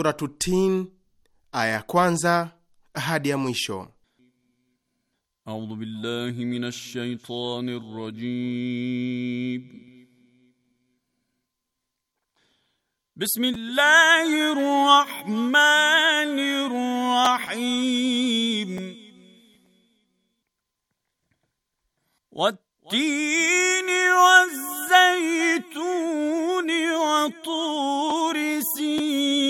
suratu Tin, aya ya kwanza hadi ya mwisho. A'udhu billahi minash shaitanir rajim. Bismillahir rahmanir rahim. والتين والزيتون وطور سين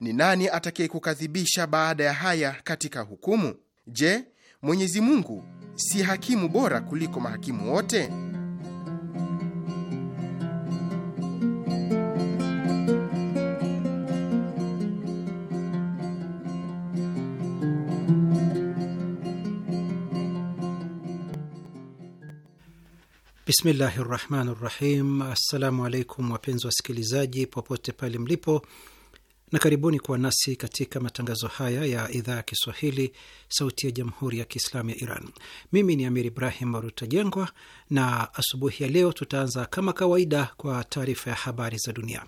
ni nani atakayekukadhibisha baada ya haya katika hukumu? Je, Mwenyezi Mungu si hakimu bora kuliko mahakimu wote? Bismillahi rahmani rahim. Assalamu alaikum wapenzi wasikilizaji, popote pale mlipo na karibuni kuwa nasi katika matangazo haya ya idhaa ya Kiswahili, Sauti ya Jamhuri ya Kiislamu ya Iran. Mimi ni Amir Ibrahim rutajengwa na asubuhi ya leo tutaanza kama kawaida kwa taarifa ya habari za dunia.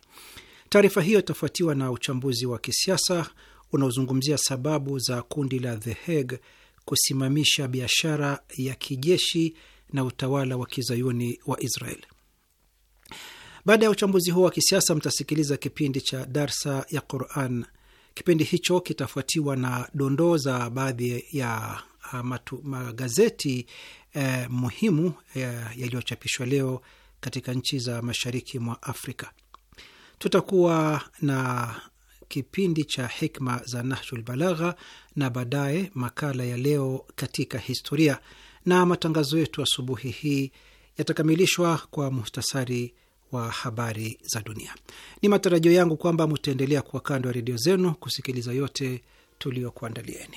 Taarifa hiyo itafuatiwa na uchambuzi wa kisiasa unaozungumzia sababu za kundi la The Hague kusimamisha biashara ya kijeshi na utawala wa kizayuni wa Israel. Baada ya uchambuzi huo wa kisiasa, mtasikiliza kipindi cha darsa ya Quran. Kipindi hicho kitafuatiwa na dondoo za baadhi ya uh, matu, magazeti eh, muhimu eh, yaliyochapishwa leo katika nchi za mashariki mwa Afrika. Tutakuwa na kipindi cha hikma za Nahjul Balagha na baadaye makala ya leo katika historia, na matangazo yetu asubuhi hii yatakamilishwa kwa muhtasari wa habari za dunia. Ni matarajio yangu kwamba mutaendelea kuwa kando ya redio zenu kusikiliza yote tuliyokuandalieni.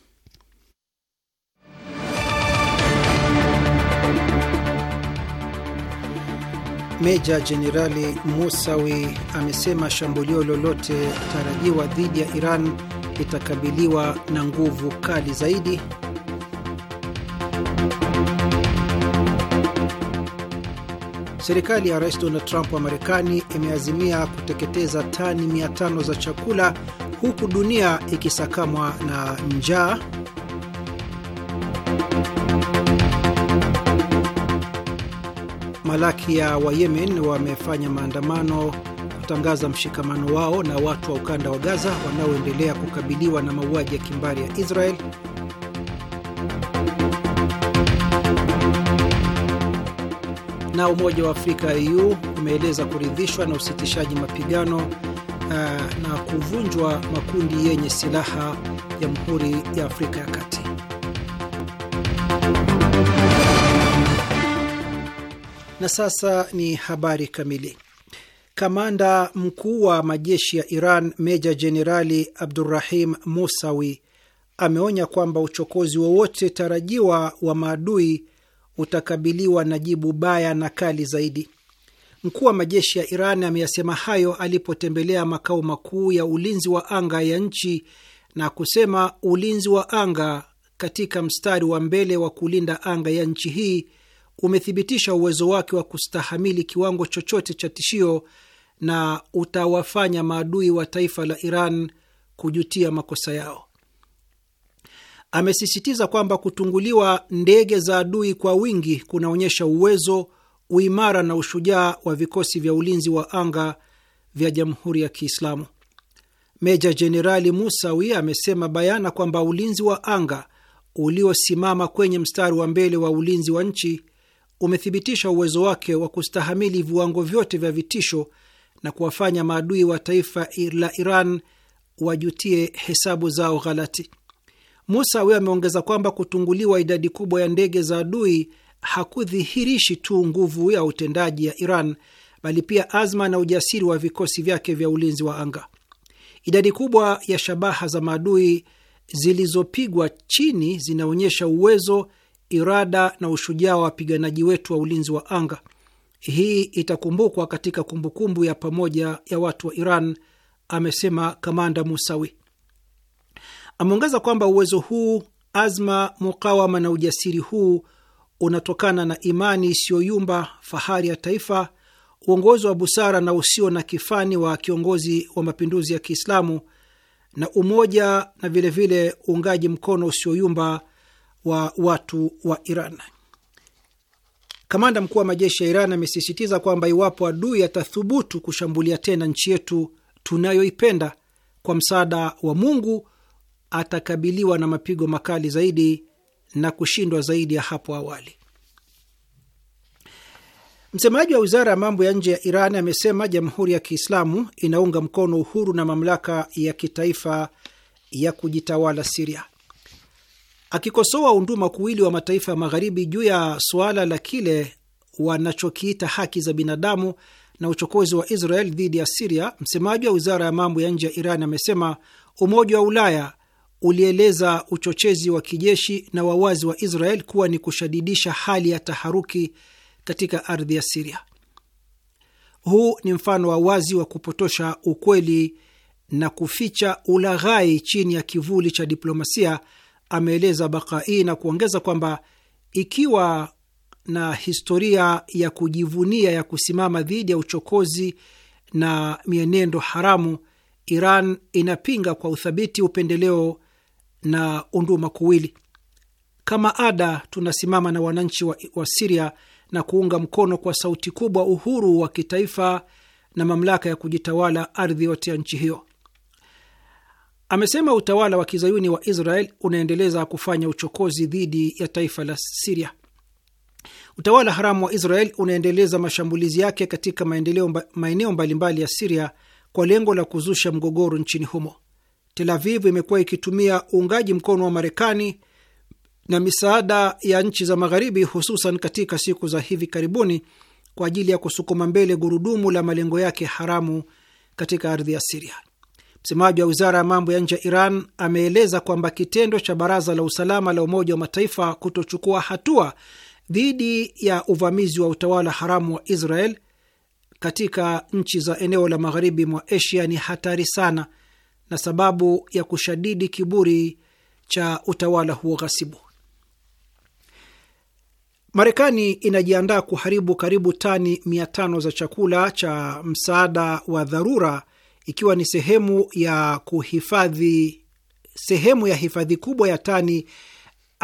Meja Jenerali Musawi amesema shambulio lolote tarajiwa dhidi ya Iran litakabiliwa na nguvu kali zaidi. Serikali ya Rais Donald Trump wa Marekani imeazimia kuteketeza tani 500 za chakula huku dunia ikisakamwa na njaa. Malakia wa Yemen wamefanya maandamano kutangaza mshikamano wao na watu wa ukanda wa Gaza wanaoendelea kukabiliwa na mauaji ya kimbari ya Israel. Na Umoja wa Afrika EU umeeleza kuridhishwa na usitishaji mapigano uh, na kuvunjwa makundi yenye silaha Jamhuri ya, ya Afrika ya Kati. Na sasa ni habari kamili. Kamanda mkuu wa majeshi ya Iran meja jenerali Abdurrahim Musawi ameonya kwamba uchokozi wowote tarajiwa wa maadui utakabiliwa na jibu baya na kali zaidi. Mkuu wa majeshi ya Iran ameyasema hayo alipotembelea makao makuu ya ulinzi wa anga ya nchi na kusema ulinzi wa anga katika mstari wa mbele wa kulinda anga ya nchi hii umethibitisha uwezo wake wa kustahamili kiwango chochote cha tishio na utawafanya maadui wa taifa la Iran kujutia makosa yao. Amesisitiza kwamba kutunguliwa ndege za adui kwa wingi kunaonyesha uwezo, uimara na ushujaa wa vikosi vya ulinzi wa anga vya Jamhuri ya Kiislamu. Meja Jenerali Musawi amesema bayana kwamba ulinzi wa anga uliosimama kwenye mstari wa mbele wa ulinzi wa nchi umethibitisha uwezo wake wa kustahamili viwango vyote vya vitisho na kuwafanya maadui wa taifa la Iran wajutie hesabu zao ghalati. musa Musawi ameongeza kwamba kutunguliwa idadi kubwa ya ndege za adui hakudhihirishi tu nguvu ya utendaji ya Iran bali pia azma na ujasiri wa vikosi vyake vya ulinzi wa anga. Idadi kubwa ya shabaha za maadui zilizopigwa chini zinaonyesha uwezo irada na ushujaa wa wapiganaji wetu wa ulinzi wa anga. Hii itakumbukwa katika kumbukumbu ya pamoja ya watu wa Iran, amesema Kamanda Musawi. Ameongeza kwamba uwezo huu, azma, mukawama na ujasiri huu unatokana na imani isiyoyumba, fahari ya taifa, uongozi wa busara na usio na kifani wa kiongozi wa mapinduzi ya Kiislamu na umoja na vilevile uungaji mkono usioyumba wa watu wa Iran. Kamanda mkuu wa majeshi ya Iran amesisitiza kwamba iwapo adui atathubutu kushambulia tena nchi yetu tunayoipenda, kwa msaada wa Mungu atakabiliwa na mapigo makali zaidi na kushindwa zaidi ya hapo awali. Msemaji wa wizara ya mambo ya nje ya Iran amesema Jamhuri ya Kiislamu inaunga mkono uhuru na mamlaka ya kitaifa ya kujitawala Siria akikosoa unduma kuwili wa mataifa ya Magharibi juu ya suala la kile wanachokiita haki za binadamu na uchokozi wa Israel dhidi ya Siria, msemaji wa wizara ya mambo ya nje ya Iran amesema Umoja wa Ulaya ulieleza uchochezi wa kijeshi na wawazi wa Israel kuwa ni kushadidisha hali ya taharuki katika ardhi ya Siria. Huu ni mfano wa wazi wa kupotosha ukweli na kuficha ulaghai chini ya kivuli cha diplomasia ameeleza Bakai na kuongeza kwamba ikiwa na historia ya kujivunia ya kusimama dhidi ya uchokozi na mienendo haramu, Iran inapinga kwa uthabiti upendeleo na unduma kuwili. Kama ada, tunasimama na wananchi wa, wa Siria na kuunga mkono kwa sauti kubwa uhuru wa kitaifa na mamlaka ya kujitawala ardhi yote ya nchi hiyo. Amesema utawala wa kizayuni wa Israel unaendeleza kufanya uchokozi dhidi ya taifa la Siria. Utawala haramu wa Israel unaendeleza mashambulizi yake katika maeneo mbalimbali ya Siria kwa lengo la kuzusha mgogoro nchini humo. Tel Aviv imekuwa ikitumia uungaji mkono wa Marekani na misaada ya nchi za Magharibi, hususan katika siku za hivi karibuni, kwa ajili ya kusukuma mbele gurudumu la malengo yake haramu katika ardhi ya Siria. Msemaji wa wizara ya mambo ya nje ya Iran ameeleza kwamba kitendo cha baraza la usalama la Umoja wa Mataifa kutochukua hatua dhidi ya uvamizi wa utawala haramu wa Israel katika nchi za eneo la magharibi mwa Asia ni hatari sana na sababu ya kushadidi kiburi cha utawala huo ghasibu. Marekani inajiandaa kuharibu karibu tani 500 za chakula cha msaada wa dharura ikiwa ni sehemu ya kuhifadhi sehemu ya hifadhi kubwa ya tani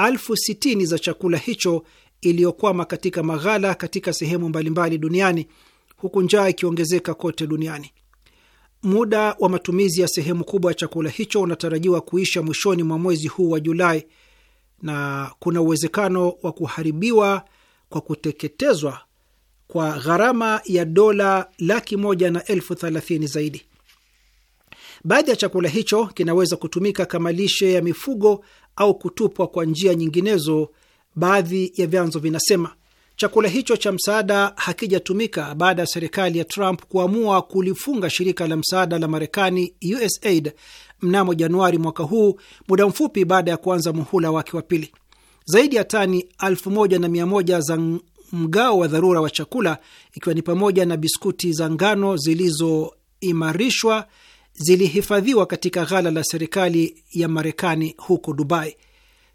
elfu sitini za chakula hicho iliyokwama katika maghala katika sehemu mbalimbali duniani huku njaa ikiongezeka kote duniani. Muda wa matumizi ya sehemu kubwa ya chakula hicho unatarajiwa kuisha mwishoni mwa mwezi huu wa Julai na kuna uwezekano wa kuharibiwa kwa kuteketezwa kwa gharama ya dola laki moja na elfu thelathini zaidi. Baadhi ya chakula hicho kinaweza kutumika kama lishe ya mifugo au kutupwa kwa njia nyinginezo. Baadhi ya vyanzo vinasema chakula hicho cha msaada hakijatumika baada ya serikali ya Trump kuamua kulifunga shirika la msaada la Marekani USAID mnamo Januari mwaka huu, muda mfupi baada ya kuanza muhula wake wa pili. Zaidi ya tani elfu za mgao wa dharura wa chakula, ikiwa ni pamoja na biskuti za ngano zilizoimarishwa zilihifadhiwa katika ghala la serikali ya Marekani huko Dubai.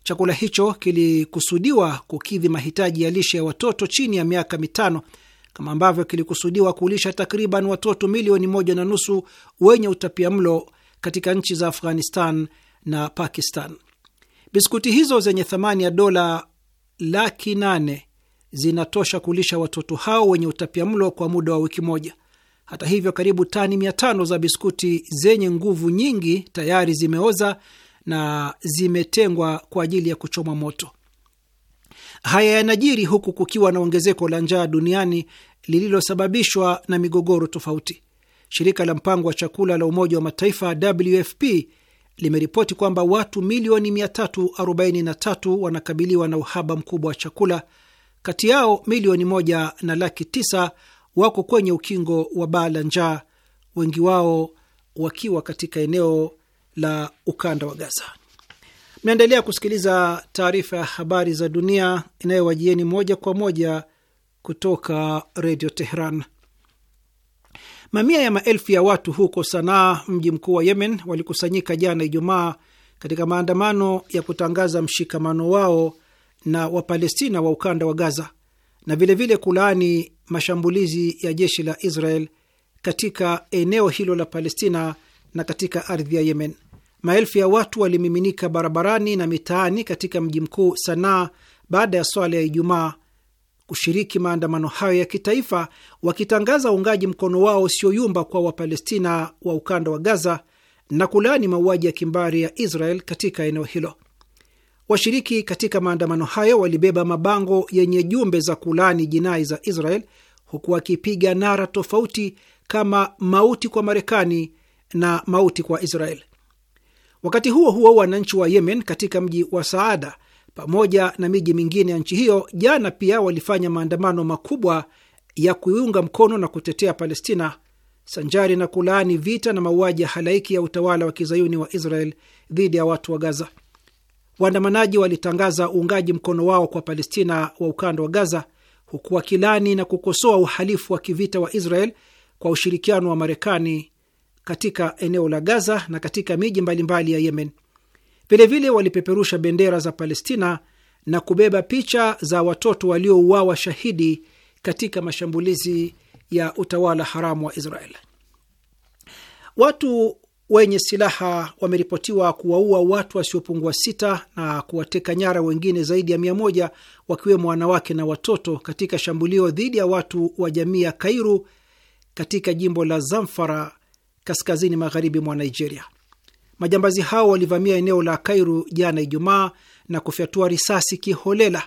Chakula hicho kilikusudiwa kukidhi mahitaji ya lishe ya watoto chini ya miaka mitano kama ambavyo kilikusudiwa kulisha takriban watoto milioni moja na nusu wenye utapia mlo katika nchi za Afghanistan na Pakistan. Biskuti hizo zenye thamani ya dola laki nane zinatosha kulisha watoto hao wenye utapia mlo kwa muda wa wiki moja. Hata hivyo, karibu tani tano za biskuti zenye nguvu nyingi tayari zimeoza na zimetengwa kwa ajili ya kuchoma moto. Haya yanajiri huku kukiwa na ongezeko la njaa duniani lililosababishwa na migogoro tofauti. Shirika la mpango wa chakula la Umoja wa Mataifa WFP limeripoti kwamba watu milioni 343 wanakabiliwa na uhaba mkubwa wa chakula, kati yao milioni moja na laki tisa wako kwenye ukingo wa baa la njaa, wengi wao wakiwa katika eneo la ukanda wa Gaza. Mnaendelea kusikiliza taarifa ya habari za dunia inayowajieni moja kwa moja kutoka Redio Teheran. Mamia ya maelfu ya watu huko Sanaa, mji mkuu wa Yemen, walikusanyika jana Ijumaa katika maandamano ya kutangaza mshikamano wao na Wapalestina wa ukanda wa Gaza na vilevile kulaani mashambulizi ya jeshi la Israel katika eneo hilo la Palestina na katika ardhi ya Yemen. Maelfu ya watu walimiminika barabarani na mitaani katika mji mkuu Sanaa baada ya swala ya Ijumaa kushiriki maandamano hayo ya kitaifa, wakitangaza uungaji mkono wao usioyumba kwa Wapalestina wa ukanda wa Gaza na kulaani mauaji ya kimbari ya Israel katika eneo hilo. Washiriki katika maandamano hayo walibeba mabango yenye jumbe za kulaani jinai za Israel huku wakipiga nara tofauti kama mauti kwa Marekani na mauti kwa Israel. Wakati huo huo, wananchi wa Yemen katika mji wa Saada pamoja na miji mingine ya nchi hiyo jana pia walifanya maandamano makubwa ya kuiunga mkono na kutetea Palestina sanjari na kulaani vita na mauaji ya halaiki ya utawala wa kizayuni wa Israel dhidi ya watu wa Gaza. Waandamanaji walitangaza uungaji mkono wao kwa Palestina wa ukanda wa Gaza, huku wakilani na kukosoa uhalifu wa kivita wa Israel kwa ushirikiano wa Marekani katika eneo la Gaza na katika miji mbalimbali ya Yemen. Vilevile walipeperusha bendera za Palestina na kubeba picha za watoto waliouawa shahidi katika mashambulizi ya utawala haramu wa Israel. Watu wenye silaha wameripotiwa kuwaua watu wasiopungua sita na kuwateka nyara wengine zaidi ya mia moja wakiwemo wanawake na watoto katika shambulio dhidi ya watu wa jamii ya Kairu katika jimbo la Zamfara kaskazini magharibi mwa Nigeria. Majambazi hao walivamia eneo la Kairu jana Ijumaa na kufyatua risasi kiholela.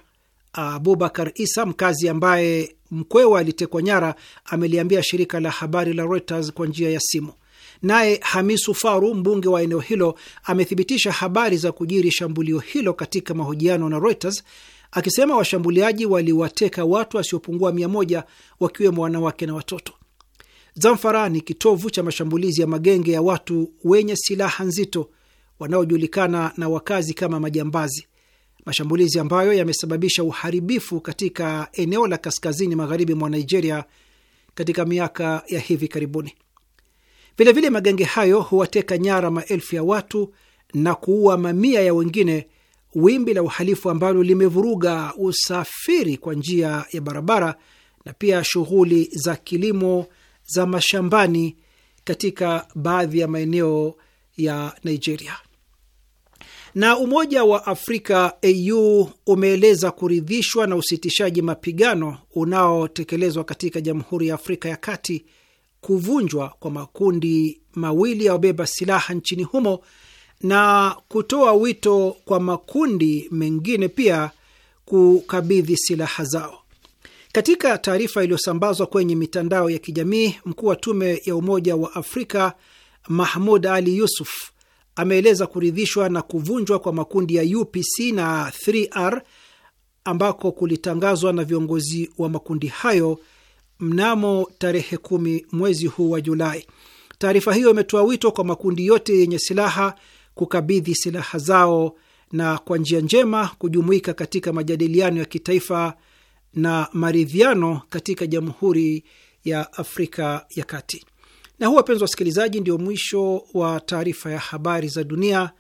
Abubakar Isa, mkazi ambaye mkwewa alitekwa nyara, ameliambia shirika la habari la Reuters kwa njia ya simu. Naye Hamisu Faru, mbunge wa eneo hilo, amethibitisha habari za kujiri shambulio hilo katika mahojiano na Reuters akisema washambuliaji waliwateka watu wasiopungua mia moja wakiwemo wanawake na watoto. Zamfara ni kitovu cha mashambulizi ya magenge ya watu wenye silaha nzito wanaojulikana na wakazi kama majambazi, mashambulizi ambayo yamesababisha uharibifu katika eneo la kaskazini magharibi mwa Nigeria katika miaka ya hivi karibuni. Vilevile magenge hayo huwateka nyara maelfu ya watu na kuua mamia ya wengine, wimbi la uhalifu ambalo limevuruga usafiri kwa njia ya barabara na pia shughuli za kilimo za mashambani katika baadhi ya maeneo ya Nigeria. Na Umoja wa Afrika AU umeeleza kuridhishwa na usitishaji mapigano unaotekelezwa katika Jamhuri ya Afrika ya Kati kuvunjwa kwa makundi mawili ya wabeba silaha nchini humo na kutoa wito kwa makundi mengine pia kukabidhi silaha zao. Katika taarifa iliyosambazwa kwenye mitandao ya kijamii, mkuu wa tume ya Umoja wa Afrika Mahmud Ali Yusuf ameeleza kuridhishwa na kuvunjwa kwa makundi ya UPC na 3R ambako kulitangazwa na viongozi wa makundi hayo mnamo tarehe kumi mwezi huu wa Julai. Taarifa hiyo imetoa wito kwa makundi yote yenye silaha kukabidhi silaha zao na kwa njia njema kujumuika katika majadiliano ya kitaifa na maridhiano katika Jamhuri ya Afrika ya Kati. Na huu, wapenzi wasikilizaji, ndio mwisho wa taarifa ya habari za dunia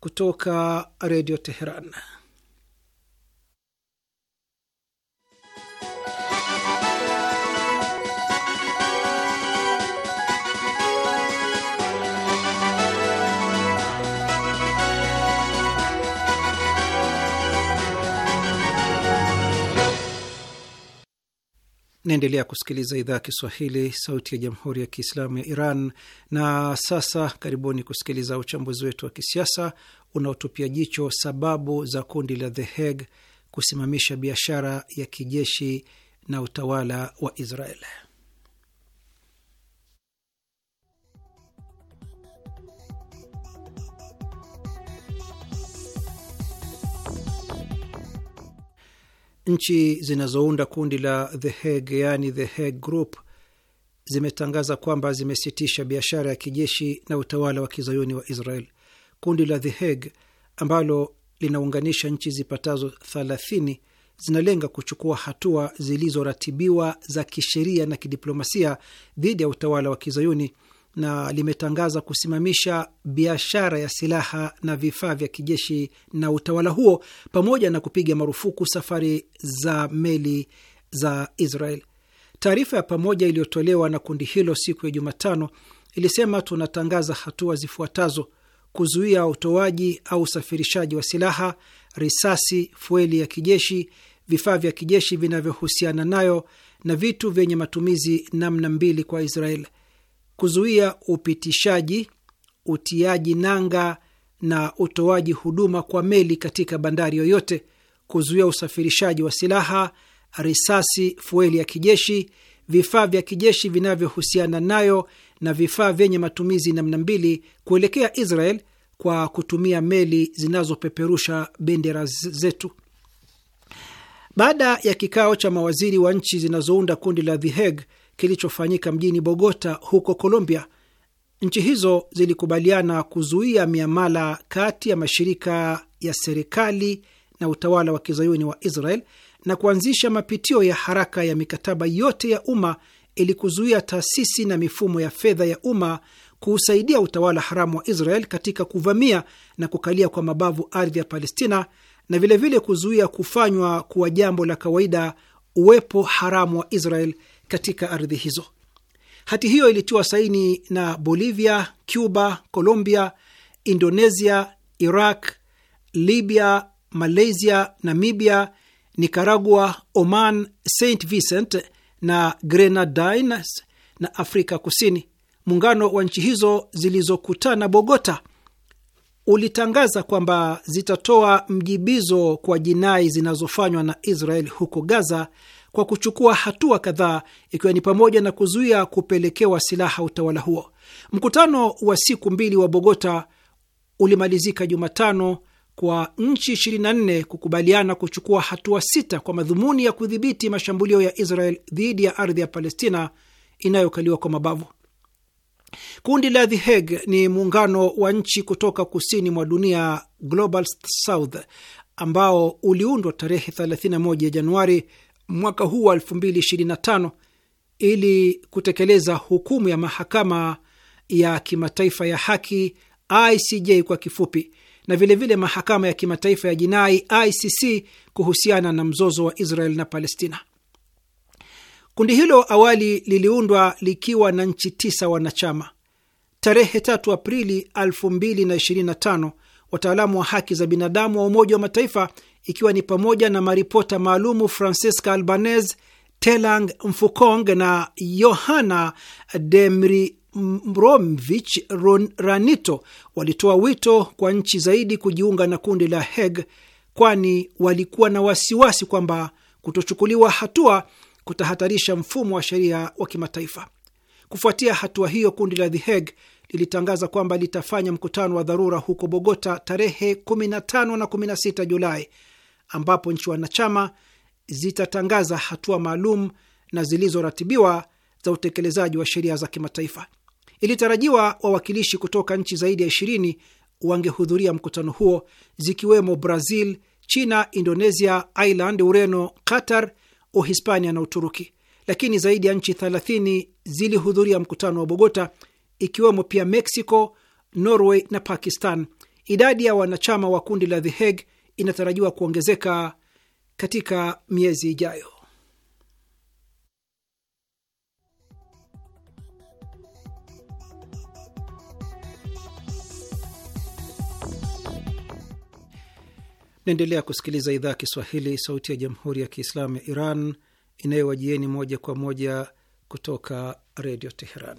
kutoka Redio Teheran. Naendelea kusikiliza idhaa ya Kiswahili, sauti ya jamhuri ya kiislamu ya Iran. Na sasa karibuni kusikiliza uchambuzi wetu wa kisiasa unaotupia jicho sababu za kundi la The Hague kusimamisha biashara ya kijeshi na utawala wa Israel. Nchi zinazounda kundi la The Hague, yani The Hague Group, zimetangaza kwamba zimesitisha biashara ya kijeshi na utawala wa kizayuni wa Israel. Kundi la The Hague ambalo linaunganisha nchi zipatazo 30 zinalenga kuchukua hatua zilizoratibiwa za kisheria na kidiplomasia dhidi ya utawala wa kizayuni na limetangaza kusimamisha biashara ya silaha na vifaa vya kijeshi na utawala huo pamoja na kupiga marufuku safari za meli za Israel. Taarifa ya pamoja iliyotolewa na kundi hilo siku ya Jumatano ilisema, tunatangaza hatua zifuatazo: kuzuia utoaji au usafirishaji wa silaha, risasi, fueli ya kijeshi, vifaa vya kijeshi vinavyohusiana nayo na vitu vyenye matumizi namna mbili kwa Israel kuzuia upitishaji, utiaji nanga na utoaji huduma kwa meli katika bandari yoyote, kuzuia usafirishaji wa silaha, risasi, fueli ya kijeshi, vifaa vya kijeshi vinavyohusiana nayo na vifaa vyenye matumizi namna mbili kuelekea Israel kwa kutumia meli zinazopeperusha bendera zetu. Baada ya kikao cha mawaziri wa nchi zinazounda kundi la The Hague kilichofanyika mjini Bogota huko Colombia. Nchi hizo zilikubaliana kuzuia miamala kati ya mashirika ya serikali na utawala wa kizayuni wa Israel na kuanzisha mapitio ya haraka ya mikataba yote ya umma ili kuzuia taasisi na mifumo ya fedha ya umma kuusaidia utawala haramu wa Israel katika kuvamia na kukalia kwa mabavu ardhi ya Palestina na vilevile vile kuzuia kufanywa kuwa jambo la kawaida uwepo haramu wa Israel katika ardhi hizo. Hati hiyo ilitiwa saini na Bolivia, Cuba, Colombia, Indonesia, Iraq, Libya, Malaysia, Namibia, Nicaragua, Oman, St Vincent na Grenadines na Afrika Kusini. Muungano wa nchi hizo zilizokutana Bogota ulitangaza kwamba zitatoa mjibizo kwa jinai zinazofanywa na Israel huko Gaza kwa kuchukua hatua kadhaa, ikiwa ni pamoja na kuzuia kupelekewa silaha utawala huo. Mkutano wa siku mbili wa Bogota ulimalizika Jumatano kwa nchi 24 kukubaliana kuchukua hatua sita kwa madhumuni ya kudhibiti mashambulio ya Israel dhidi ya ardhi ya Palestina inayokaliwa kwa mabavu. Kundi la The Hague ni muungano wa nchi kutoka kusini mwa dunia, Global South, ambao uliundwa tarehe 31 Januari mwaka huu wa 2025 ili kutekeleza hukumu ya mahakama ya kimataifa ya haki ICJ kwa kifupi na vilevile vile mahakama ya kimataifa ya jinai ICC kuhusiana na mzozo wa Israel na Palestina. Kundi hilo awali liliundwa likiwa na nchi tisa wanachama. Tarehe 3 Aprili 2025 wataalamu wa haki za binadamu wa Umoja wa Mataifa ikiwa ni pamoja na maripota maalumu francisca Albanese, Telang Mfukong na Yohana Demri Mromvich Ranito walitoa wito kwa nchi zaidi kujiunga na kundi la Hague kwani walikuwa na wasiwasi kwamba kutochukuliwa hatua kutahatarisha mfumo wa sheria wa kimataifa. Kufuatia hatua hiyo, kundi la The Hague lilitangaza kwamba litafanya mkutano wa dharura huko Bogota tarehe 15 na 16 Julai ambapo nchi wanachama zitatangaza hatua maalum na zilizoratibiwa za utekelezaji wa sheria za kimataifa. Ilitarajiwa wawakilishi kutoka nchi zaidi ya ishirini wangehudhuria mkutano huo zikiwemo Brazil, China, Indonesia, Ireland, Ureno, Qatar, Uhispania na Uturuki, lakini zaidi ya nchi thelathini zilihudhuria mkutano wa Bogota, ikiwemo pia Mexico, Norway na Pakistan. Idadi ya wanachama wa kundi la The Hague inatarajiwa kuongezeka katika miezi ijayo. Naendelea kusikiliza idhaa ya Kiswahili, sauti ya jamhuri ya kiislamu ya Iran inayowajieni moja kwa moja kutoka redio Teheran.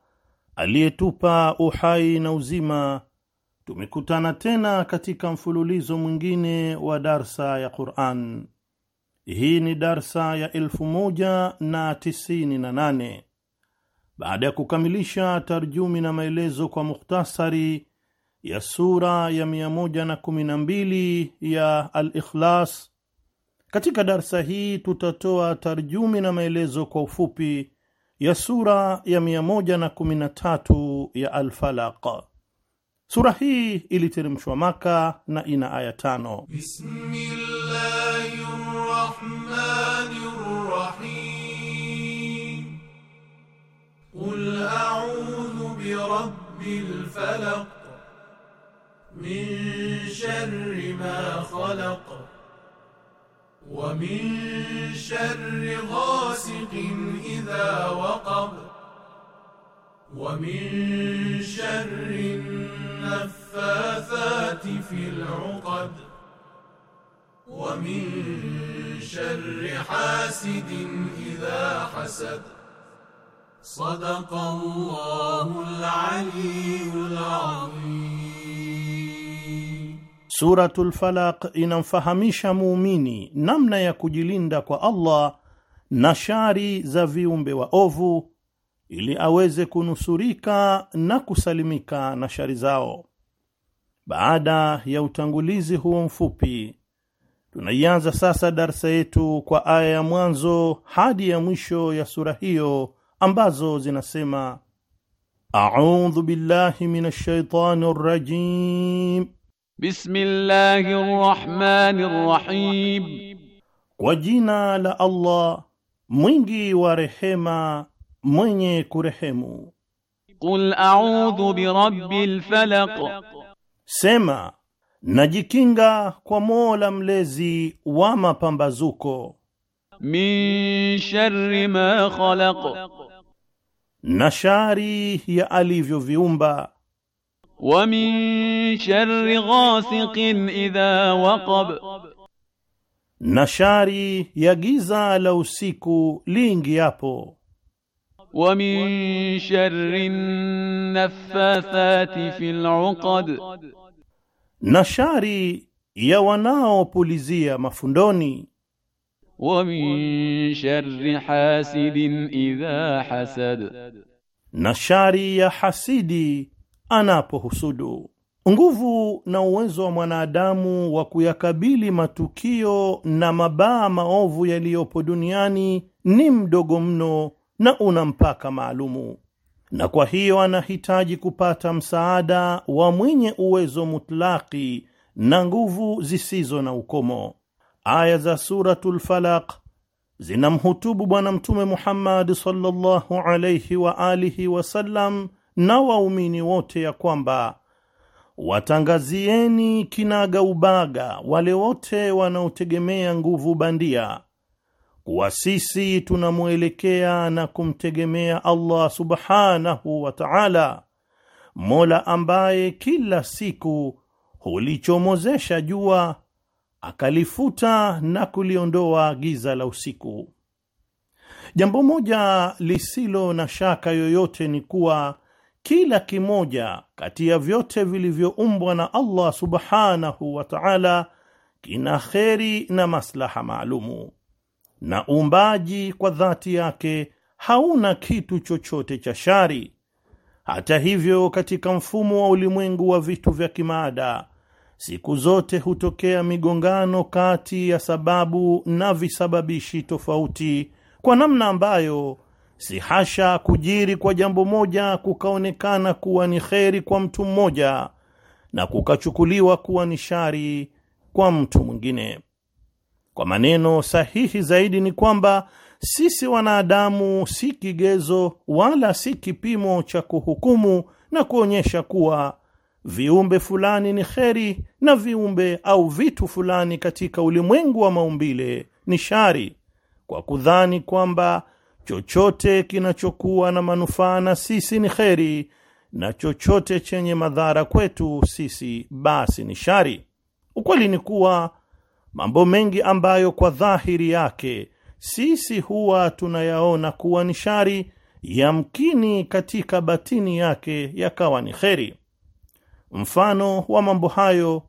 aliyetupa uhai na uzima, tumekutana tena katika mfululizo mwingine wa darsa ya Quran. Hii ni darsa ya elfu moja na tisini na nane baada ya kukamilisha tarjumi na maelezo kwa mukhtasari ya sura ya 112 ya Al-Ikhlas. Katika darsa hii tutatoa tarjumi na maelezo kwa ufupi ya sura ya 113 ya al Sura hii iliteremshwa Maka na ina aya tano. Bismillahirrahmanirrahim. Qul a'udhu bi birabbil falaq min sharri ma khalaq ومن شر غاسق إذا وقب ومن شر النفاثات في العقد ومن شر حاسد إذا حسد صدق الله العلي العظيم Suratul Falaq inamfahamisha muumini namna ya kujilinda kwa Allah na shari za viumbe waovu ili aweze kunusurika na kusalimika na shari zao. Baada ya utangulizi huo mfupi, tunaianza sasa darsa yetu kwa aya ya mwanzo hadi ya mwisho ya sura hiyo ambazo zinasema: audhu billahi minash shaitani rajim Bismillahir Rahmanir Rahim, kwa jina la Allah mwingi wa rehema mwenye kurehemu. Qul a'udhu bi rabbil falaq, sema najikinga kwa Mola mlezi wa mapambazuko. Min sharri ma khalaq, na shari ya alivyoviumba ومن شر غاسق إذا وقب نشاري يجيزا لو سيكو لينجيابو ومن شر النفاثات في العقد نشاري يا وناو بوليزيا مفندوني ومن شر حاسد إذا حسد نشاري يا حسيدي anapohusudu. Nguvu na uwezo wa mwanadamu wa kuyakabili matukio na mabaa maovu yaliyopo duniani ni mdogo mno na una mpaka maalumu, na kwa hiyo anahitaji kupata msaada wa mwenye uwezo mutlaki na nguvu zisizo na ukomo. Aya za Suratul Falaq zinamhutubu Bwana Mtume Muhammad sallallahu alayhi wa alihi wasallam na waumini wote ya kwamba watangazieni kinaga ubaga wale wote wanaotegemea nguvu bandia kuwa sisi tunamwelekea na kumtegemea Allah subhanahu wa ta'ala, Mola ambaye kila siku hulichomozesha jua akalifuta na kuliondoa giza la usiku. Jambo moja lisilo na shaka yoyote ni kuwa kila kimoja kati ya vyote vilivyoumbwa na Allah subhanahu wa ta'ala kina kheri na maslaha maalumu, na uumbaji kwa dhati yake hauna kitu chochote cha shari. Hata hivyo, katika mfumo wa ulimwengu wa vitu vya kimaada, siku zote hutokea migongano kati ya sababu na visababishi tofauti, kwa namna ambayo Si hasha kujiri kwa jambo moja kukaonekana kuwa ni kheri kwa mtu mmoja na kukachukuliwa kuwa ni shari kwa mtu mwingine. Kwa maneno sahihi zaidi ni kwamba sisi wanadamu si kigezo wala si kipimo cha kuhukumu na kuonyesha kuwa viumbe fulani ni kheri na viumbe au vitu fulani katika ulimwengu wa maumbile ni shari, kwa kudhani kwamba chochote kinachokuwa na manufaa na sisi ni kheri, na chochote chenye madhara kwetu sisi basi ni shari. Ukweli ni kuwa mambo mengi ambayo kwa dhahiri yake sisi huwa tunayaona kuwa ni shari, yamkini katika batini yake yakawa ni kheri. Mfano wa mambo hayo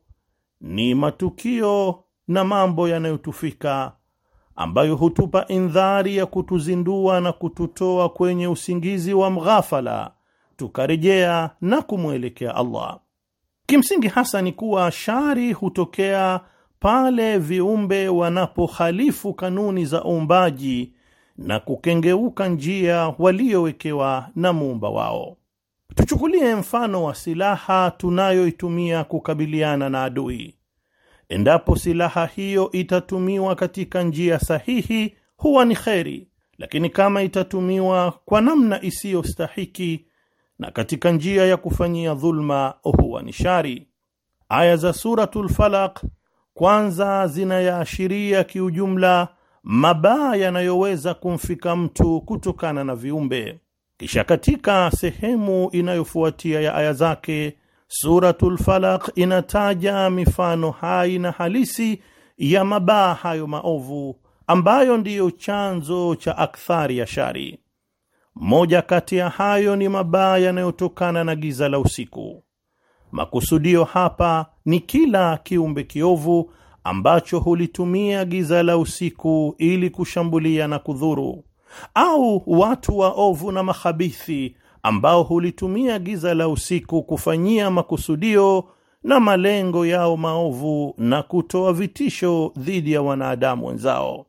ni matukio na mambo yanayotufika ambayo hutupa indhari ya kutuzindua na kututoa kwenye usingizi wa mghafala tukarejea na kumwelekea Allah. Kimsingi hasa ni kuwa shari hutokea pale viumbe wanapohalifu kanuni za uumbaji na kukengeuka njia waliowekewa na muumba wao. Tuchukulie mfano wa silaha tunayoitumia kukabiliana na adui. Endapo silaha hiyo itatumiwa katika njia sahihi huwa ni kheri, lakini kama itatumiwa kwa namna isiyostahiki na katika njia ya kufanyia dhulma huwa ni shari. Aya za Suratul Falaq kwanza zinayaashiria kiujumla mabaya yanayoweza kumfika mtu kutokana na viumbe, kisha katika sehemu inayofuatia ya aya zake Suratul Falaq inataja mifano hai na halisi ya mabaa hayo maovu ambayo ndiyo chanzo cha akthari ya shari. Moja kati ya hayo ni mabaa yanayotokana na giza la usiku. Makusudio hapa ni kila kiumbe kiovu ambacho hulitumia giza la usiku ili kushambulia na kudhuru, au watu waovu na makhabithi ambao hulitumia giza la usiku kufanyia makusudio na malengo yao maovu na kutoa vitisho dhidi ya wanadamu wenzao.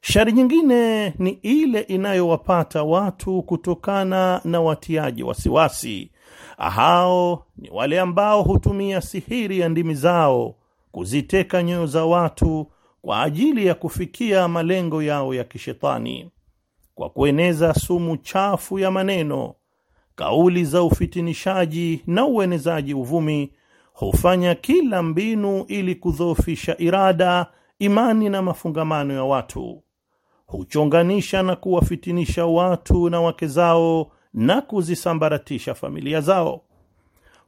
Shari nyingine ni ile inayowapata watu kutokana na watiaji wasiwasi. Hao ni wale ambao hutumia sihiri ya ndimi zao kuziteka nyoyo za watu kwa ajili ya kufikia malengo yao ya kishetani kwa kueneza sumu chafu ya maneno, kauli za ufitinishaji na uenezaji uvumi, hufanya kila mbinu ili kudhoofisha irada, imani na mafungamano ya watu, huchonganisha na kuwafitinisha watu na wake zao na kuzisambaratisha familia zao.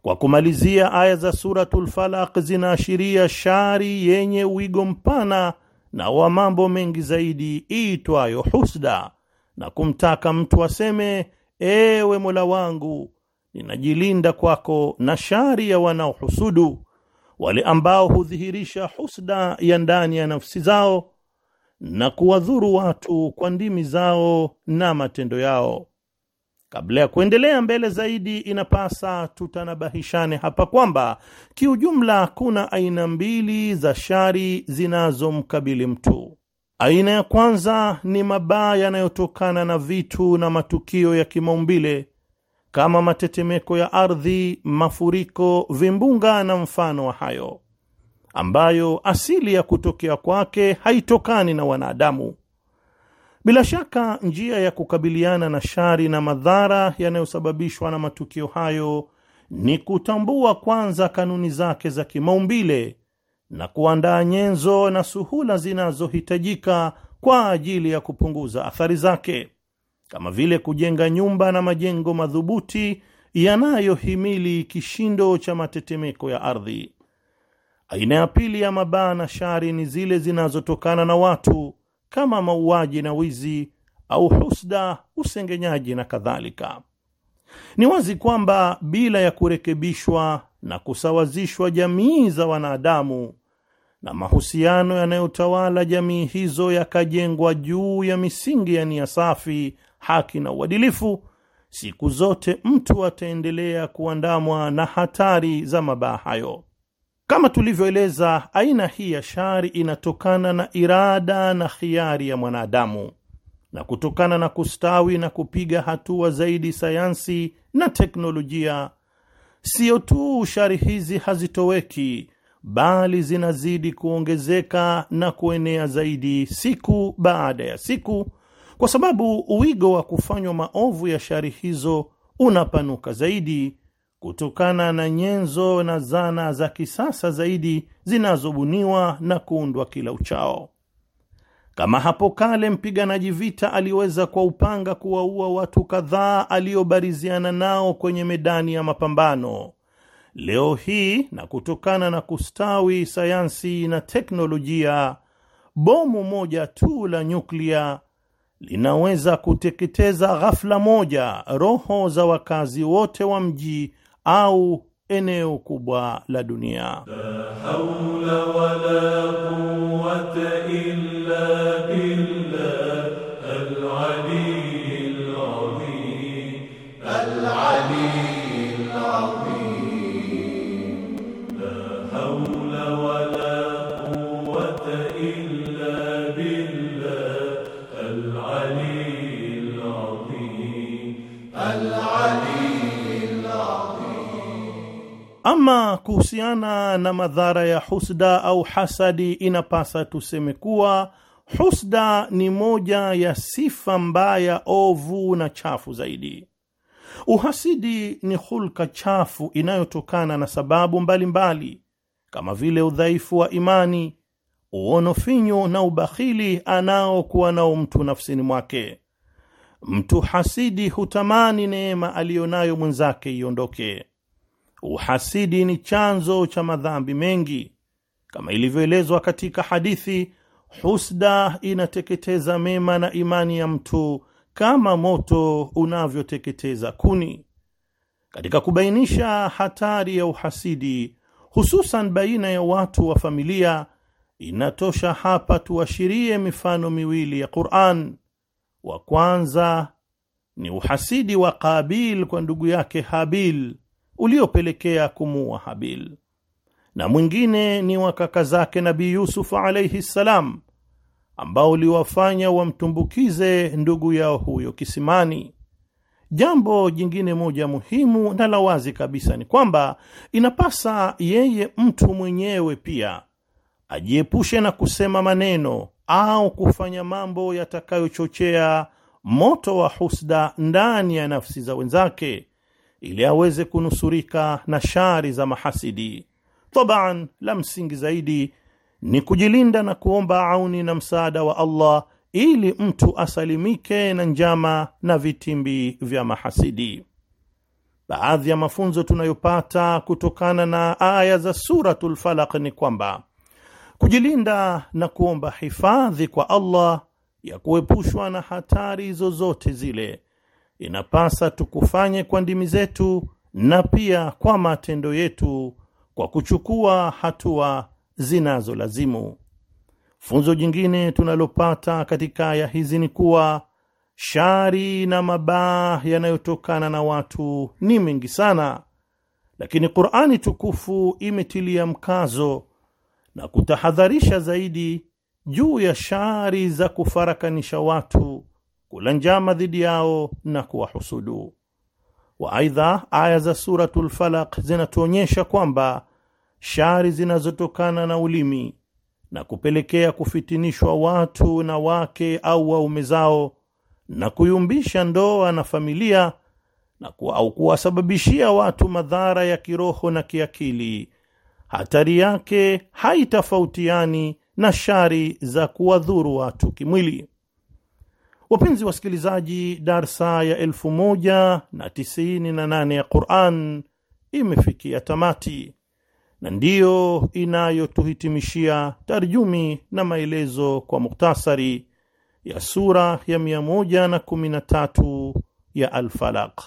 Kwa kumalizia, aya za Suratul Falaq zinaashiria shari yenye wigo mpana na wa mambo mengi zaidi iitwayo husda na kumtaka mtu aseme, ewe Mola wangu, ninajilinda kwako na shari ya wanaohusudu, wale ambao hudhihirisha husda ya ndani ya nafsi zao na kuwadhuru watu kwa ndimi zao na matendo yao. Kabla ya kuendelea mbele zaidi, inapasa tutanabahishane hapa kwamba kiujumla kuna aina mbili za shari zinazomkabili mtu. Aina ya kwanza ni mabaya yanayotokana na vitu na matukio ya kimaumbile kama matetemeko ya ardhi, mafuriko, vimbunga na mfano wa hayo, ambayo asili ya kutokea kwake haitokani na wanadamu. Bila shaka njia ya kukabiliana na shari na madhara yanayosababishwa na matukio hayo ni kutambua kwanza kanuni zake za kimaumbile na kuandaa nyenzo na suhula zinazohitajika kwa ajili ya kupunguza athari zake, kama vile kujenga nyumba na majengo madhubuti yanayohimili kishindo cha matetemeko ya ardhi. Aina ya pili ya mabaa na shari ni zile zinazotokana na watu kama mauaji na wizi au husda, usengenyaji na kadhalika. Ni wazi kwamba bila ya kurekebishwa na kusawazishwa jamii za wanadamu, na mahusiano yanayotawala jamii hizo yakajengwa juu ya misingi ya nia safi, haki na uadilifu, siku zote mtu ataendelea kuandamwa na hatari za mabaa hayo. Kama tulivyoeleza, aina hii ya shari inatokana na irada na hiari ya mwanadamu, na kutokana na kustawi na kupiga hatua zaidi sayansi na teknolojia, siyo tu shari hizi hazitoweki bali zinazidi kuongezeka na kuenea zaidi siku baada ya siku, kwa sababu uwigo wa kufanywa maovu ya shari hizo unapanuka zaidi kutokana na nyenzo na zana za kisasa zaidi zinazobuniwa na kuundwa kila uchao. Kama hapo kale mpiganaji vita aliweza kwa upanga kuwaua watu kadhaa aliobariziana nao kwenye medani ya mapambano, Leo hii na kutokana na kustawi sayansi na teknolojia, bomu moja tu la nyuklia linaweza kuteketeza ghafla moja roho za wakazi wote wa mji au eneo kubwa la dunia. La wala quwwata illa billah. Ama kuhusiana na madhara ya husda au hasadi, inapasa tuseme kuwa husda ni moja ya sifa mbaya ovu na chafu zaidi. Uhasidi ni hulka chafu inayotokana na sababu mbalimbali mbali, kama vile udhaifu wa imani, uono finyu na ubakhili anaokuwa nao mtu nafsini mwake. Mtu hasidi hutamani neema aliyonayo mwenzake iondoke Uhasidi ni chanzo cha madhambi mengi, kama ilivyoelezwa katika hadithi, husda inateketeza mema na imani ya mtu kama moto unavyoteketeza kuni. Katika kubainisha hatari ya uhasidi, hususan baina ya watu wa familia, inatosha hapa tuashirie mifano miwili ya Qur'an. Wa kwanza ni uhasidi wa Qabil kwa ndugu yake Habil uliopelekea kumuua Habil, na mwingine ni wa kaka zake nabi Yusufu alaihi ssalam, ambao uliwafanya wamtumbukize ndugu yao huyo kisimani. Jambo jingine moja muhimu na la wazi kabisa ni kwamba inapasa yeye mtu mwenyewe pia ajiepushe na kusema maneno au kufanya mambo yatakayochochea moto wa husda ndani ya nafsi za wenzake ili aweze kunusurika na shari za mahasidi. Taban, la msingi zaidi ni kujilinda na kuomba auni na msaada wa Allah ili mtu asalimike na njama na vitimbi vya mahasidi. Baadhi ya mafunzo tunayopata kutokana na aya za Suratul Falaq ni kwamba kujilinda na kuomba hifadhi kwa Allah ya kuepushwa na hatari zozote zile inapasa tukufanye kwa ndimi zetu na pia kwa matendo yetu kwa kuchukua hatua zinazolazimu. Funzo jingine tunalopata katika aya hizi ni kuwa shari na mabaa yanayotokana na watu ni mengi sana, lakini Qur'ani tukufu imetilia mkazo na kutahadharisha zaidi juu ya shari za kufarakanisha watu kula njama dhidi yao na kuwahusudu wa. Aidha, aya za Suratul Falaq zinatuonyesha kwamba shari zinazotokana na ulimi na kupelekea kufitinishwa watu na wake au waume zao na kuyumbisha ndoa na familia na kuwa au kuwasababishia watu madhara ya kiroho na kiakili, hatari yake haitofautiani na shari za kuwadhuru watu kimwili. Wapenzi wasikilizaji, darsa ya elfu moja na tisini na nane ya Quran imefikia tamati na ndiyo inayotuhitimishia tarjumi na maelezo kwa muktasari ya sura ya 113 ya Alfalaq.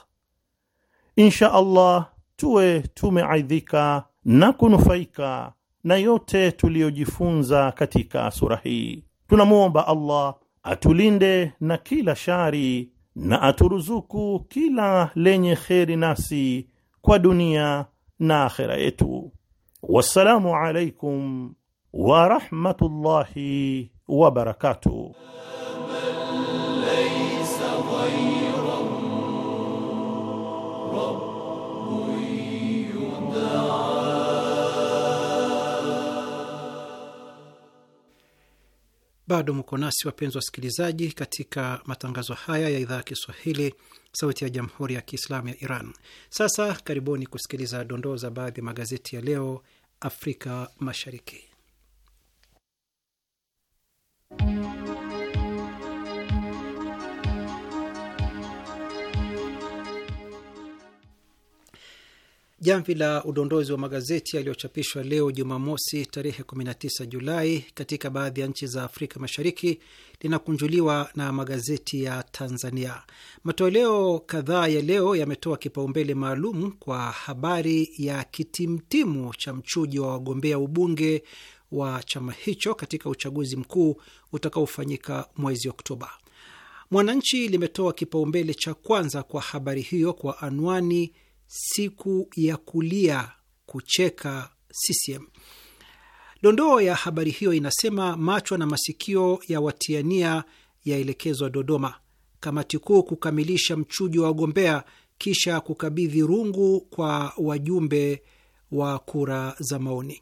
Insha Allah tuwe tumeaidhika na kunufaika na yote tuliyojifunza katika sura hii. Tunamwomba Allah atulinde na kila shari na aturuzuku kila lenye kheri nasi kwa dunia na akhera yetu. Wassalamu alaikum wa barakatuh. Bado mko nasi wapenzi wasikilizaji, katika matangazo haya ya idhaa ya Kiswahili, sauti ya jamhuri ya kiislamu ya Iran. Sasa karibuni kusikiliza dondoo za baadhi ya magazeti ya leo Afrika Mashariki. Jamvi la udondozi wa magazeti yaliyochapishwa leo Jumamosi tarehe 19 Julai katika baadhi ya nchi za Afrika Mashariki linakunjuliwa na magazeti ya Tanzania. Matoleo kadhaa ya leo yametoa kipaumbele maalum kwa habari ya kitimtimu cha mchujo wa wagombea ubunge wa chama hicho katika uchaguzi mkuu utakaofanyika mwezi Oktoba. Mwananchi limetoa kipaumbele cha kwanza kwa habari hiyo kwa anwani siku ya kulia kucheka CCM. Dondoo ya habari hiyo inasema macho na masikio ya watiania yaelekezwa Dodoma, kamati kuu kukamilisha mchujo wa wagombea kisha kukabidhi rungu kwa wajumbe wa kura za maoni.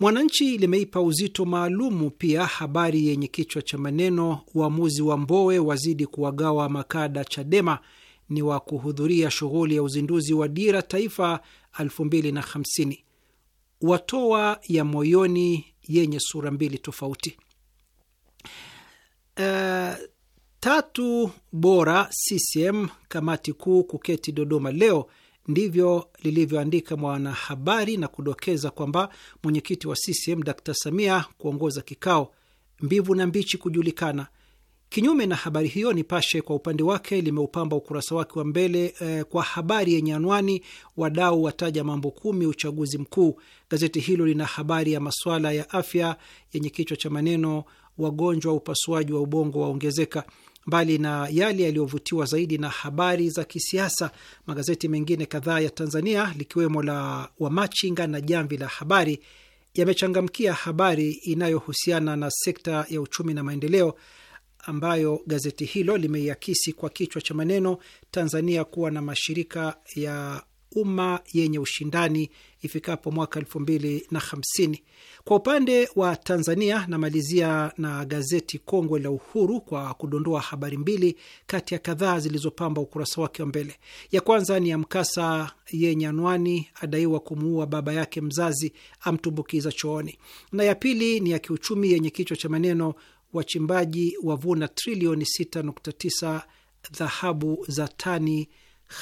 Mwananchi limeipa uzito maalumu pia habari yenye kichwa cha maneno uamuzi wa Mbowe wazidi kuwagawa makada Chadema ni wa kuhudhuria shughuli ya uzinduzi wa Dira Taifa 2050 watoa ya moyoni yenye sura mbili tofauti. Uh, tatu bora CCM kamati kuu kuketi Dodoma leo, ndivyo lilivyoandika mwanahabari na kudokeza kwamba mwenyekiti wa CCM Dr. Samia kuongoza kikao, mbivu na mbichi kujulikana, Kinyume na habari hiyo, Nipashe kwa upande wake limeupamba ukurasa wake wa mbele eh, kwa habari yenye anwani wadau wataja mambo kumi uchaguzi mkuu. Gazeti hilo lina habari ya masuala ya afya yenye kichwa cha maneno wagonjwa upasuaji wa ubongo waongezeka. Mbali na yale yaliyovutiwa zaidi na habari za kisiasa, magazeti mengine kadhaa ya Tanzania likiwemo la Wamachinga na Jamvi la Habari yamechangamkia habari inayohusiana na sekta ya uchumi na maendeleo ambayo gazeti hilo limeiakisi kwa kichwa cha maneno Tanzania kuwa na mashirika ya umma yenye ushindani ifikapo mwaka hamsini. Kwa upande wa Tanzania, namalizia na gazeti kongwe la Uhuru kwa kudondoa habari mbili kati ya kadhaa zilizopamba ukurasa wake wa mbele. Ya kwanza ni ya mkasa yenye anwani adaiwa kumuua baba yake mzazi amtumbukiza chooni, na ya pili ni ya kiuchumi yenye kichwa cha maneno wachimbaji wavuna trilioni 6.9 dhahabu za tani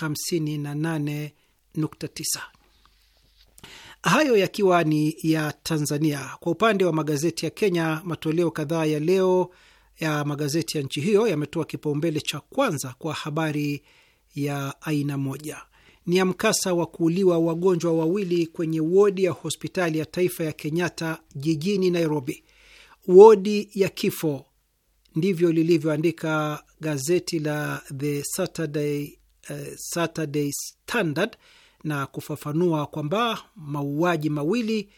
58.9. Hayo yakiwa ni ya Tanzania. Kwa upande wa magazeti ya Kenya, matoleo kadhaa ya leo ya magazeti ya nchi hiyo yametoa kipaumbele cha kwanza kwa habari ya aina moja, ni ya mkasa wa kuuliwa wagonjwa wawili kwenye wodi ya hospitali ya taifa ya Kenyatta jijini Nairobi, wodi ya kifo, ndivyo lilivyoandika gazeti la The Saturday, uh, Saturday Standard na kufafanua kwamba mauaji mawili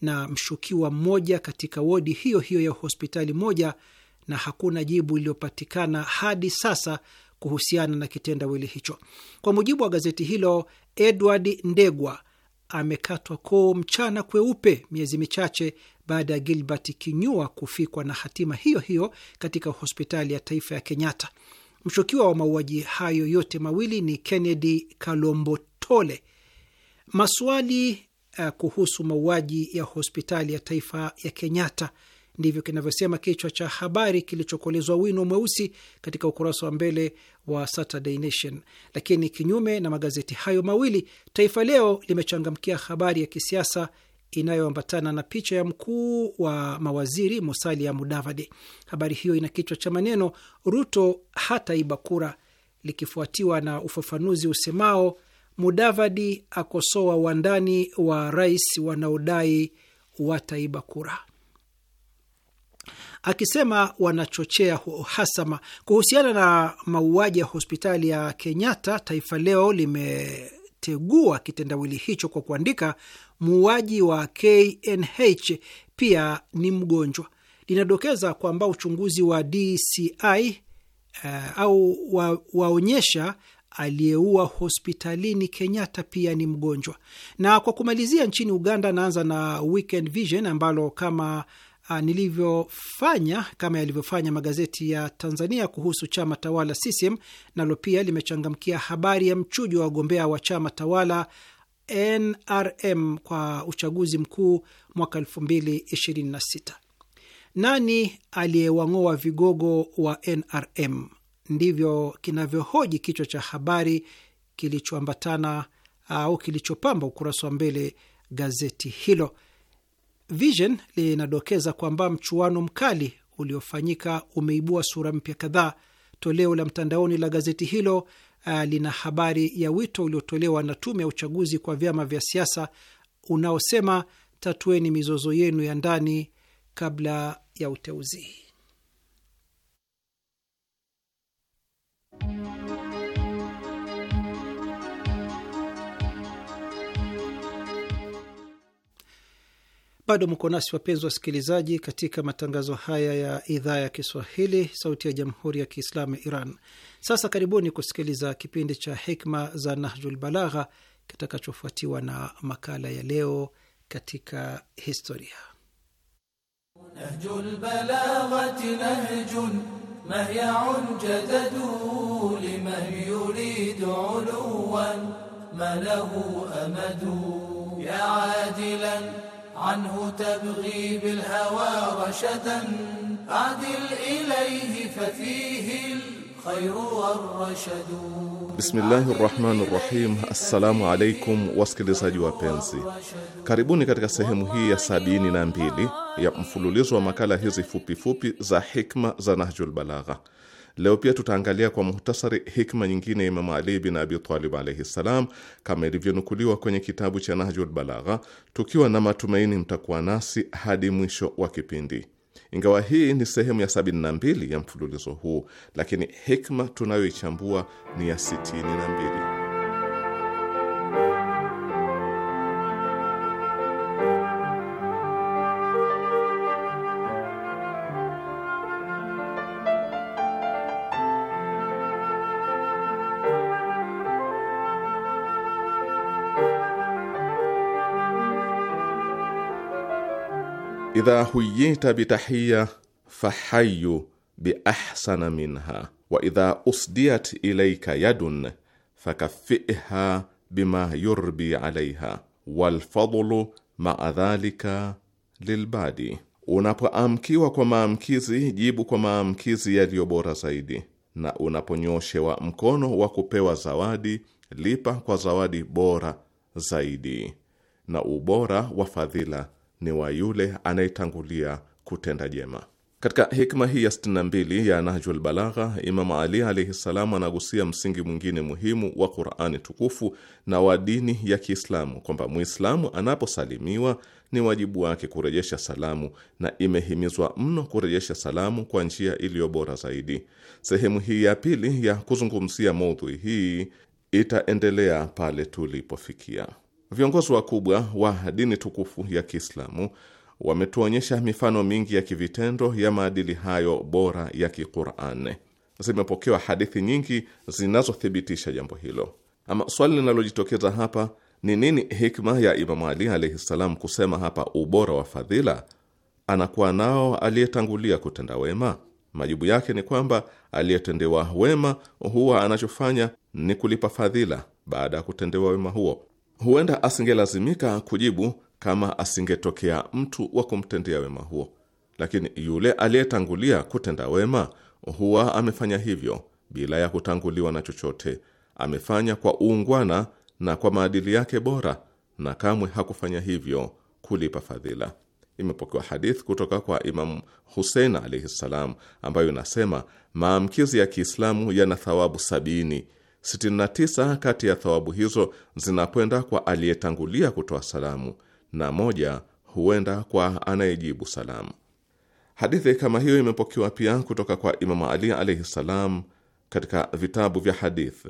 na mshukiwa mmoja katika wodi hiyo hiyo ya hospitali moja, na hakuna jibu iliyopatikana hadi sasa kuhusiana na kitendawili hicho. Kwa mujibu wa gazeti hilo, Edward Ndegwa amekatwa koo mchana kweupe miezi michache baada ya Gilbert Kinyua kufikwa na hatima hiyo hiyo katika hospitali ya taifa ya Kenyatta. Mshukiwa wa mauaji hayo yote mawili ni Kennedy Kalombotole. Maswali uh, kuhusu mauaji ya hospitali ya taifa ya Kenyatta, ndivyo kinavyosema kichwa cha habari kilichokolezwa wino mweusi katika ukurasa wa mbele wa Saturday Nation. Lakini kinyume na magazeti hayo mawili, Taifa Leo limechangamkia habari ya kisiasa inayoambatana na picha ya mkuu wa mawaziri Musalia Mudavadi. Habari hiyo ina kichwa cha maneno Ruto hataiba kura, likifuatiwa na ufafanuzi usemao Mudavadi akosoa wandani wa rais wanaodai wataiba kura, akisema wanachochea uhasama. Kuhusiana na mauaji ya hospitali ya Kenyatta, Taifa Leo lime ametegua kitendawili hicho kwa kuandika, muuaji wa KNH pia ni mgonjwa. Linadokeza kwamba uchunguzi wa DCI uh, eh, au wa, waonyesha aliyeua hospitalini Kenyatta pia ni mgonjwa. Na kwa kumalizia, nchini Uganda, anaanza na Weekend Vision ambalo kama Ah, nilivyofanya kama yalivyofanya magazeti ya Tanzania kuhusu chama tawala CCM, nalo pia limechangamkia habari ya mchujo wa wagombea wa chama tawala NRM kwa uchaguzi mkuu mwaka 2026. Nani aliyewang'oa vigogo wa NRM? Ndivyo kinavyohoji kichwa cha habari kilichoambatana au kilichopamba ukurasa wa mbele gazeti hilo. Vision linadokeza kwamba mchuano mkali uliofanyika umeibua sura mpya kadhaa. Toleo la mtandaoni la gazeti hilo uh, lina habari ya wito uliotolewa na tume ya uchaguzi kwa vyama vya siasa unaosema tatueni mizozo yenu ya ndani kabla ya uteuzi. Bado mko nasi wapenzi wasikilizaji, katika matangazo haya ya idhaa ya Kiswahili, Sauti ya Jamhuri ya Kiislamu ya Iran. Sasa karibuni kusikiliza kipindi cha Hikma za Nahjul Balagha kitakachofuatiwa na makala ya Leo katika Historia. Nahjul Balaghati nahjun mahyaun jadadu liman yuridu uluwan amadu ya adilan عنه تبغي بالهوى رشدا عدل إليه ففيه الخير والرشد Bismillahi rahmani rahim. Assalamu alaikum wasikilizaji wapenzi, karibuni katika sehemu hii ya sabini na mbili ya mfululizo wa makala hizi fupifupi fupi za hikma za Nahjul Balagha. Leo pia tutaangalia kwa muhtasari hikma nyingine ya Imamu Ali bin Abi Talib alaihi ssalam, kama ilivyonukuliwa kwenye kitabu cha Nahjul Balagha, tukiwa na matumaini mtakuwa nasi hadi mwisho wa kipindi. Ingawa hii ni sehemu ya 72 ya mfululizo huu, lakini hikma tunayoichambua ni ya 62. idha huyita bitahiya fahayu biahsana minha wa idha usdiat ilaika yadun fakafiha bima yurbi alaiha walfadlu maa dhalika lilbadi, unapoamkiwa kwa maamkizi jibu kwa maamkizi yaliyo bora zaidi, na unaponyoshewa mkono wa kupewa zawadi lipa kwa zawadi bora zaidi, na ubora wa fadhila ni wa yule anayetangulia kutenda jema. Katika hikma hii ya 62 ya Nahjul Balagha, Imamu Ali alaihi ssalam anagusia msingi mwingine muhimu wa Qurani tukufu na wa dini ya Kiislamu, kwamba Muislamu anaposalimiwa ni wajibu wake kurejesha salamu, na imehimizwa mno kurejesha salamu kwa njia iliyo bora zaidi. Sehemu hii ya pili ya kuzungumzia maudhui hii itaendelea pale tulipofikia. Viongozi wakubwa wa dini tukufu ya Kiislamu wametuonyesha mifano mingi ya kivitendo ya maadili hayo bora ya Kiquran. Zimepokewa hadithi nyingi zinazothibitisha jambo hilo. Ama swali linalojitokeza hapa ni nini hikma ya Imamu Ali alaihi ssalam kusema hapa ubora wa fadhila anakuwa nao aliyetangulia kutenda wema? Majibu yake ni kwamba aliyetendewa wema huwa anachofanya ni kulipa fadhila baada ya kutendewa wema huo huenda asingelazimika kujibu kama asingetokea mtu wa kumtendea wema huo, lakini yule aliyetangulia kutenda wema huwa amefanya hivyo bila ya kutanguliwa na chochote. Amefanya kwa uungwana na kwa maadili yake bora, na kamwe hakufanya hivyo kulipa fadhila. Imepokewa hadith kutoka kwa Imamu Husein alaihi ssalam, ambayo inasema maamkizi ya Kiislamu yana thawabu sabini 69 kati ya thawabu hizo zinakwenda kwa aliyetangulia kutoa salamu na moja huenda kwa anayejibu salamu. Hadithi kama hiyo imepokewa pia kutoka kwa Imamu Ali alaihi salam katika vitabu vya hadithi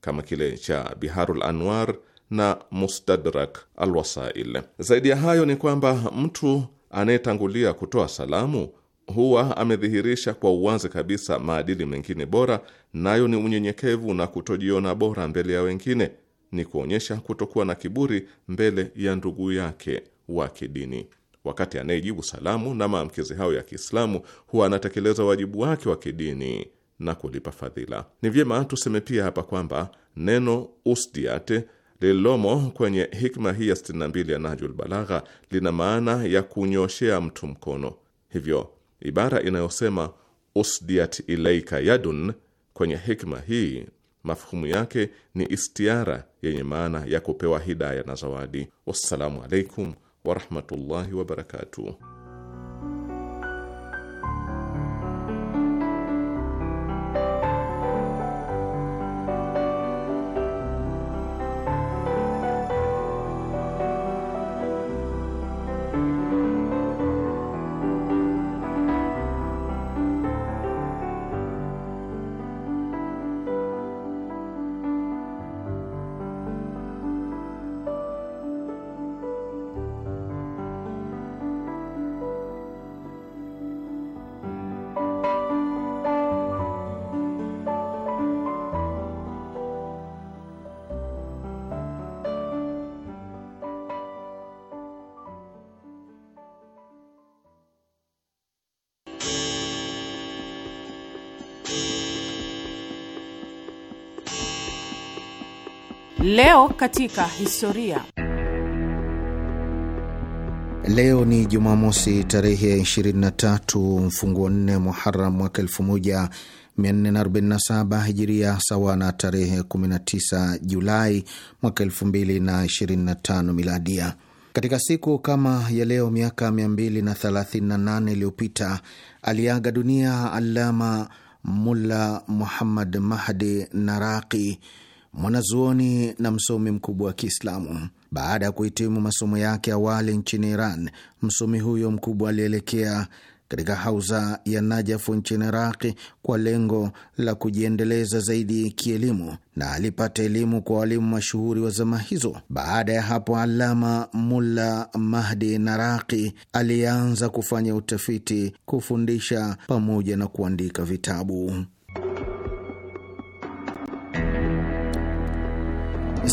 kama kile cha Biharul Anwar na Mustadrak Alwasail. Zaidi ya hayo ni kwamba mtu anayetangulia kutoa salamu huwa amedhihirisha kwa uwazi kabisa maadili mengine bora nayo ni unyenyekevu na kutojiona bora mbele ya wengine, ni kuonyesha kutokuwa na kiburi mbele ya ndugu yake wa kidini. Wakati anayejibu salamu na maamkizi hayo ya Kiislamu huwa anatekeleza wajibu wake wa kidini na kulipa fadhila. Ni vyema tuseme pia hapa kwamba neno usdiate lililomo kwenye hikma hii ya 62 ya Nahjul Balagha lina maana ya kunyoshea mtu mkono. Hivyo ibara inayosema usdiat ilaika yadun Kwenye hikma hii mafhumu yake ni istiara yenye maana ya kupewa hidaya na zawadi. Wassalamu alaikum warahmatullahi wabarakatuh. Leo katika historia. Leo ni Jumamosi tarehe ya 23 mfunguo nne Muharam mwaka 1447 Hijiria, sawa na tarehe 19 Julai mwaka 2025 Miladia. Katika siku kama ya leo miaka 238 iliyopita aliaga dunia Alama Mulla Muhammad Mahdi Naraqi, mwanazuoni na msomi mkubwa wa Kiislamu. Baada ya kuhitimu masomo yake awali nchini Iran, msomi huyo mkubwa alielekea katika hauza ya Najafu nchini Iraqi kwa lengo la kujiendeleza zaidi kielimu na alipata elimu kwa walimu mashuhuri wa zama hizo. Baada ya hapo, Alama Mulla Mahdi Naraqi alianza kufanya utafiti, kufundisha pamoja na kuandika vitabu.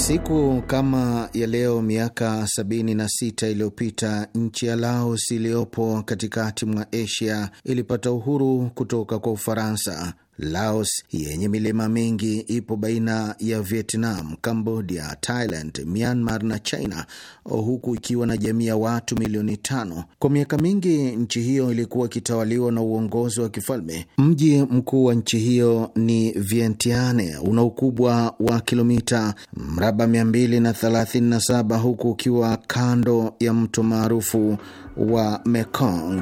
Siku kama ya leo miaka 76 iliyopita nchi ya Laos iliyopo katikati mwa Asia ilipata uhuru kutoka kwa Ufaransa. Laos yenye milima mingi ipo baina ya Vietnam, Cambodia, Thailand, Myanmar na China, huku ikiwa na jamii ya watu milioni tano. Kwa miaka mingi nchi hiyo ilikuwa ikitawaliwa na uongozi wa kifalme. Mji mkuu wa nchi hiyo ni Vientiane, una ukubwa wa kilomita mraba 237 huku ukiwa kando ya mto maarufu wa Mekong.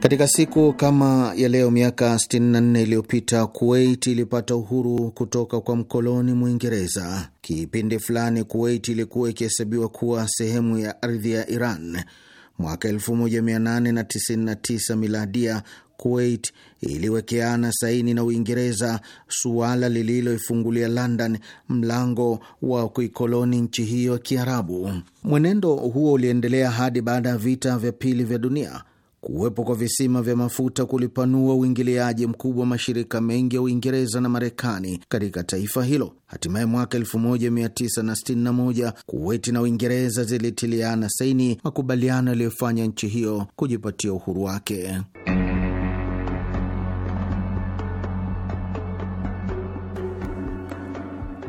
Katika siku kama ya leo miaka 64 iliyopita Kuwait ilipata uhuru kutoka kwa mkoloni Mwingereza. Kipindi fulani Kuwait ilikuwa ikihesabiwa kuwa sehemu ya ardhi ya Iran. Mwaka 1899 miladia, Kuwait iliwekeana saini na Uingereza, suala lililoifungulia London mlango wa kuikoloni nchi hiyo ya Kiarabu. Mwenendo huo uliendelea hadi baada ya vita vya pili vya dunia Kuwepo kwa visima vya mafuta kulipanua uingiliaji mkubwa wa mashirika mengi ya Uingereza na Marekani katika taifa hilo. Hatimaye mwaka 1961 Kuweti na Uingereza zilitiliana saini makubaliano yaliyofanya nchi hiyo kujipatia uhuru wake.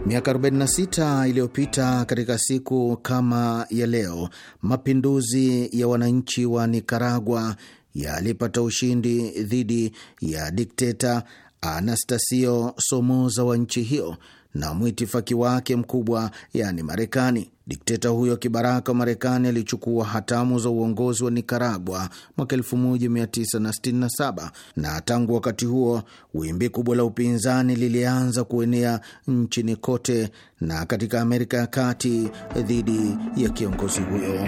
Miaka 46 iliyopita katika siku kama ya leo, mapinduzi ya wananchi wa Nikaragua yalipata ushindi dhidi ya dikteta Anastasio Somoza wa nchi hiyo na mwitifaki wake mkubwa, yaani Marekani. Dikteta huyo kibaraka wa Marekani alichukua hatamu za uongozi wa Nikaragua mwaka 1967 na tangu wakati huo wimbi kubwa la upinzani lilianza kuenea nchini kote na katika Amerika ya Kati dhidi ya kiongozi huyo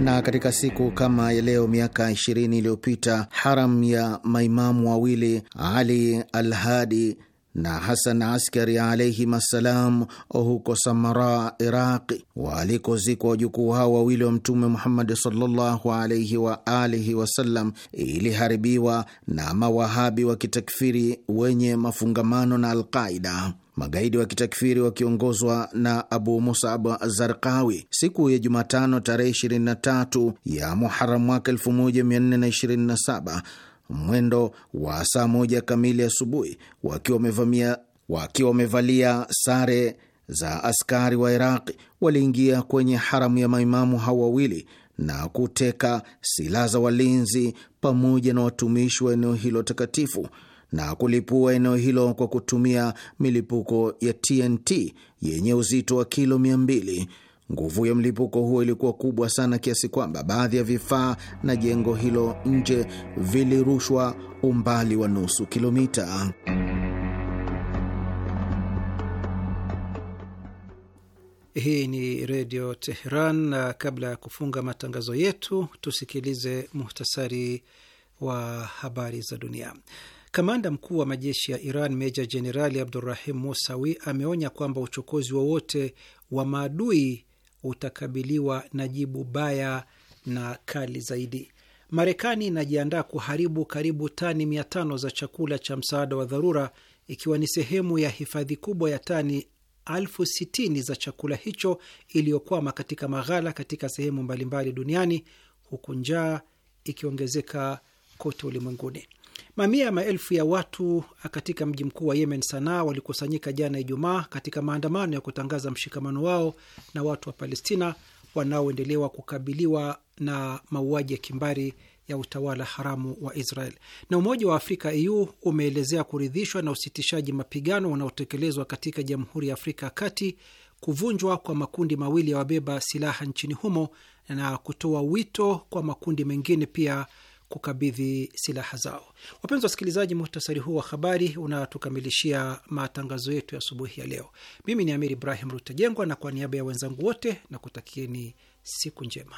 na katika siku kama ya leo miaka 20 iliyopita haram ya maimamu wawili Ali Alhadi na Hasan Askari alaihim assalam huko Samara, Iraqi, walikozikwa wajukuu hao wawili wa Mtume Muhammadi sallallahu alaihi wa alihi wasallam, iliharibiwa na mawahabi wa kitakfiri wenye mafungamano na Alqaida magaidi wa kitakfiri wakiongozwa na Abu Musab Zarqawi. Siku ya Jumatano tarehe 23 ya Muharam mwaka 1427 mwendo wa saa moja kamili asubuhi wakiwa wamevalia sare za askari wa Iraqi waliingia kwenye haramu ya maimamu hao wawili na kuteka silaha za walinzi pamoja na watumishi wa eneo hilo takatifu na kulipua eneo hilo kwa kutumia milipuko ya TNT yenye uzito wa kilo mia mbili Nguvu ya mlipuko huo ilikuwa kubwa sana kiasi kwamba baadhi ya vifaa na jengo hilo nje vilirushwa umbali wa nusu kilomita. Hii ni Redio Teheran, na kabla ya kufunga matangazo yetu tusikilize muhtasari wa habari za dunia. Kamanda mkuu wa majeshi ya Iran Meja Jenerali abdurahim Musawi ameonya kwamba uchokozi wowote wa, wa maadui utakabiliwa na jibu baya na kali zaidi. Marekani inajiandaa kuharibu karibu tani mia tano za chakula cha msaada wa dharura ikiwa ni sehemu ya hifadhi kubwa ya tani elfu sitini za chakula hicho iliyokwama katika maghala katika sehemu mbalimbali duniani huku njaa ikiongezeka kote ulimwenguni. Mamia ya maelfu ya watu katika mji mkuu wa Yemen, Sanaa, walikusanyika jana Ijumaa katika maandamano ya kutangaza mshikamano wao na watu wa Palestina wanaoendelewa kukabiliwa na mauaji ya kimbari ya utawala haramu wa Israel. Na Umoja wa Afrika EU umeelezea kuridhishwa na usitishaji mapigano unaotekelezwa katika Jamhuri ya Afrika ya Kati, kuvunjwa kwa makundi mawili ya wabeba silaha nchini humo na kutoa wito kwa makundi mengine pia kukabidhi silaha zao. Wapenzi wasikilizaji, muhtasari huu wa habari unatukamilishia matangazo yetu ya asubuhi ya leo. Mimi ni Amir Ibrahim Rutajengwa, na kwa niaba ya wenzangu wote na kutakieni siku njema.